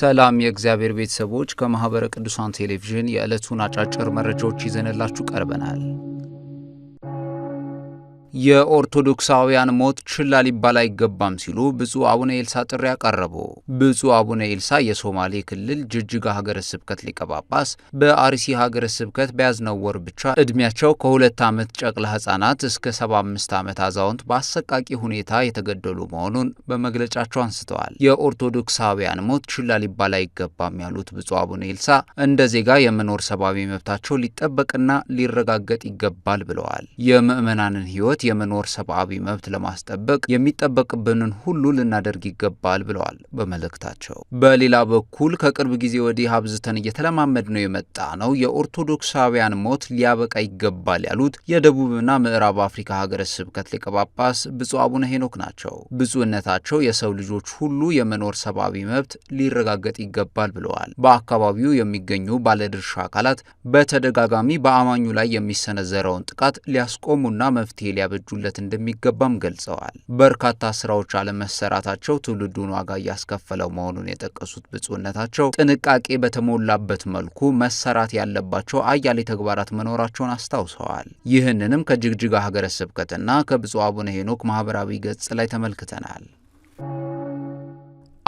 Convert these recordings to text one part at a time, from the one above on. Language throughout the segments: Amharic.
ሰላም የእግዚአብሔር ቤተሰቦች፣ ከማኅበረ ቅዱሳን ቴሌቪዥን የዕለቱን አጫጭር መረጃዎች ይዘንላችሁ ቀርበናል። የኦርቶዶክሳውያን ሞት ችላ ሊባል አይገባም ሲሉ ብፁዕ አቡነ ኤልሳ ጥሪ አቀረቡ። ብፁዕ አቡነ ኤልሳ የሶማሌ ክልል ጅጅጋ ሀገረ ስብከት ሊቀ ጳጳስ በአርሲ ሀገረ ስብከት በያዝነው ወር ብቻ እድሜያቸው ከሁለት ዓመት ጨቅላ ህጻናት እስከ 75 ዓመት አዛውንት በአሰቃቂ ሁኔታ የተገደሉ መሆኑን በመግለጫቸው አንስተዋል። የኦርቶዶክሳውያን ሞት ችላ ሊባል አይገባም ያሉት ብፁዕ አቡነ ኤልሳ እንደ ዜጋ የመኖር ሰብአዊ መብታቸው ሊጠበቅና ሊረጋገጥ ይገባል ብለዋል። የምዕመናንን ህይወት የመኖር ሰብአዊ መብት ለማስጠበቅ የሚጠበቅብንን ሁሉ ልናደርግ ይገባል ብለዋል በመልእክታቸው። በሌላ በኩል ከቅርብ ጊዜ ወዲህ አብዝተን እየተለማመድ ነው የመጣ ነው የኦርቶዶክሳውያን ሞት ሊያበቃ ይገባል ያሉት የደቡብና ምዕራብ አፍሪካ ሀገረ ስብከት ሊቀ ጳጳስ ብፁዕ አቡነ ሄኖክ ናቸው። ብፁዕነታቸው የሰው ልጆች ሁሉ የመኖር ሰብአዊ መብት ሊረጋገጥ ይገባል ብለዋል። በአካባቢው የሚገኙ ባለድርሻ አካላት በተደጋጋሚ በአማኙ ላይ የሚሰነዘረውን ጥቃት ሊያስቆሙና መፍትሄ ሊያበ ሊያበጁለት እንደሚገባም ገልጸዋል። በርካታ ስራዎች አለመሰራታቸው ትውልዱን ዋጋ እያስከፈለው መሆኑን የጠቀሱት ብፁዕነታቸው ጥንቃቄ በተሞላበት መልኩ መሰራት ያለባቸው አያሌ ተግባራት መኖራቸውን አስታውሰዋል። ይህንንም ከጅግጅጋ ሀገረ ስብከትና ከብፁዕ አቡነ ሄኖክ ማህበራዊ ገጽ ላይ ተመልክተናል።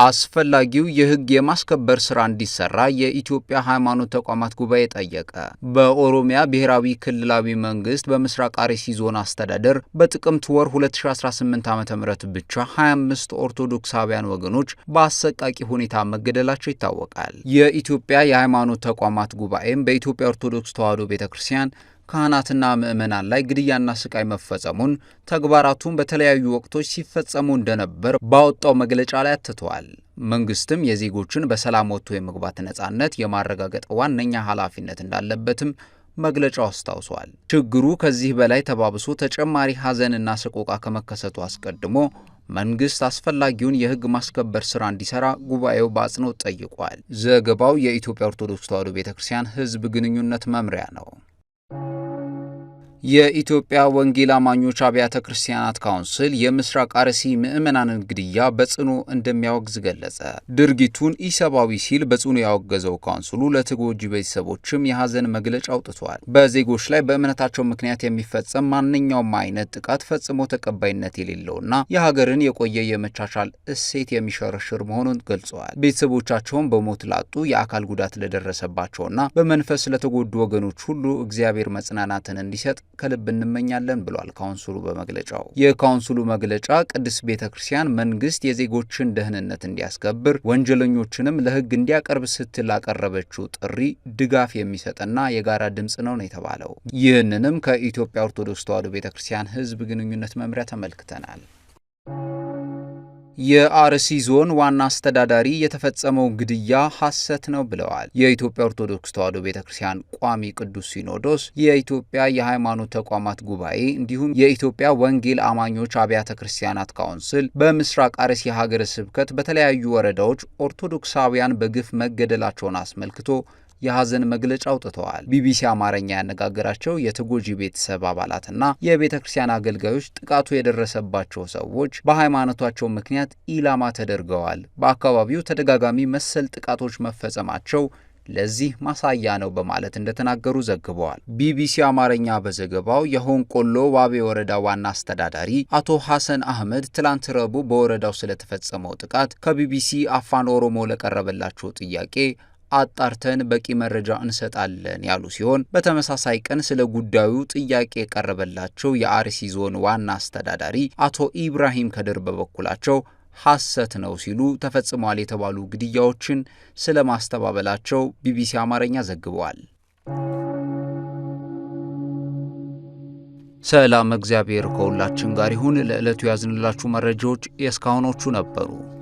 አስፈላጊው የህግ የማስከበር ስራ እንዲሰራ የኢትዮጵያ ሃይማኖት ተቋማት ጉባኤ ጠየቀ። በኦሮሚያ ብሔራዊ ክልላዊ መንግስት በምስራቅ አርሲ ዞን አስተዳደር በጥቅምት ወር 2018 ዓ ም ብቻ 25 ኦርቶዶክሳውያን ወገኖች በአሰቃቂ ሁኔታ መገደላቸው ይታወቃል። የኢትዮጵያ የሃይማኖት ተቋማት ጉባኤም በኢትዮጵያ ኦርቶዶክስ ተዋሕዶ ቤተ ክርስቲያን ካህናትና ምእመናን ላይ ግድያና ስቃይ መፈጸሙን ተግባራቱን በተለያዩ ወቅቶች ሲፈጸሙ እንደነበር ባወጣው መግለጫ ላይ አትተዋል። መንግስትም የዜጎችን በሰላም ወጥቶ የመግባት ነጻነት የማረጋገጥ ዋነኛ ኃላፊነት እንዳለበትም መግለጫው አስታውሷል። ችግሩ ከዚህ በላይ ተባብሶ ተጨማሪ ሐዘንና ሰቆቃ ከመከሰቱ አስቀድሞ መንግስት አስፈላጊውን የህግ ማስከበር ስራ እንዲሰራ ጉባኤው በአጽንኦት ጠይቋል። ዘገባው የኢትዮጵያ ኦርቶዶክስ ተዋሕዶ ቤተ ክርስቲያን ህዝብ ግንኙነት መምሪያ ነው። የኢትዮጵያ ወንጌል አማኞች አብያተ ክርስቲያናት ካውንስል የምስራቅ አርሲ ምዕመናንን ግድያ በጽኑ እንደሚያወግዝ ገለጸ። ድርጊቱን ኢሰብአዊ ሲል በጽኑ ያወገዘው ካውንስሉ ለተጎጂ ቤተሰቦችም የሀዘን መግለጫ አውጥቷል። በዜጎች ላይ በእምነታቸው ምክንያት የሚፈጸም ማንኛውም አይነት ጥቃት ፈጽሞ ተቀባይነት የሌለውና የሀገርን የቆየ የመቻቻል እሴት የሚሸረሽር መሆኑን ገልጸዋል። ቤተሰቦቻቸውን በሞት ላጡ፣ የአካል ጉዳት ለደረሰባቸውና በመንፈስ ለተጎዱ ወገኖች ሁሉ እግዚአብሔር መጽናናትን እንዲሰጥ ከልብ እንመኛለን ብሏል ካውንስሉ በመግለጫው። የካውንስሉ መግለጫ ቅድስት ቤተ ክርስቲያን መንግስት የዜጎችን ደህንነት እንዲያስከብር ወንጀለኞችንም ለህግ እንዲያቀርብ ስትል ላቀረበችው ጥሪ ድጋፍ የሚሰጥና የጋራ ድምፅ ነው ነው የተባለው። ይህንንም ከኢትዮጵያ ኦርቶዶክስ ተዋሕዶ ቤተ ክርስቲያን ህዝብ ግንኙነት መምሪያ ተመልክተናል። የአርሲ ዞን ዋና አስተዳዳሪ የተፈጸመው ግድያ ሐሰት ነው ብለዋል። የኢትዮጵያ ኦርቶዶክስ ተዋሕዶ ቤተ ክርስቲያን ቋሚ ቅዱስ ሲኖዶስ፣ የኢትዮጵያ የሃይማኖት ተቋማት ጉባኤ እንዲሁም የኢትዮጵያ ወንጌል አማኞች አብያተ ክርስቲያናት ካውንስል በምስራቅ አርሲ ሀገረ ስብከት በተለያዩ ወረዳዎች ኦርቶዶክሳውያን በግፍ መገደላቸውን አስመልክቶ የሀዘን መግለጫ አውጥተዋል። ቢቢሲ አማርኛ ያነጋገራቸው የተጎጂ ቤተሰብ አባላትና የቤተ ክርስቲያን አገልጋዮች ጥቃቱ የደረሰባቸው ሰዎች በሃይማኖታቸው ምክንያት ኢላማ ተደርገዋል፣ በአካባቢው ተደጋጋሚ መሰል ጥቃቶች መፈጸማቸው ለዚህ ማሳያ ነው በማለት እንደተናገሩ ዘግበዋል። ቢቢሲ አማርኛ በዘገባው የሆንቆሎ ዋቤ ወረዳ ዋና አስተዳዳሪ አቶ ሐሰን አህመድ ትላንት ረቡዕ በወረዳው ስለተፈጸመው ጥቃት ከቢቢሲ አፋን ኦሮሞ ለቀረበላቸው ጥያቄ አጣርተን በቂ መረጃ እንሰጣለን ያሉ ሲሆን በተመሳሳይ ቀን ስለ ጉዳዩ ጥያቄ የቀረበላቸው የአርሲ ዞን ዋና አስተዳዳሪ አቶ ኢብራሂም ከድር በበኩላቸው ሐሰት ነው ሲሉ ተፈጽመዋል የተባሉ ግድያዎችን ስለ ማስተባበላቸው ቢቢሲ አማርኛ ዘግበዋል። ሰላም፣ እግዚአብሔር ከሁላችን ጋር ይሁን። ለዕለቱ ያዝንላችሁ መረጃዎች የእስካሁኖቹ ነበሩ።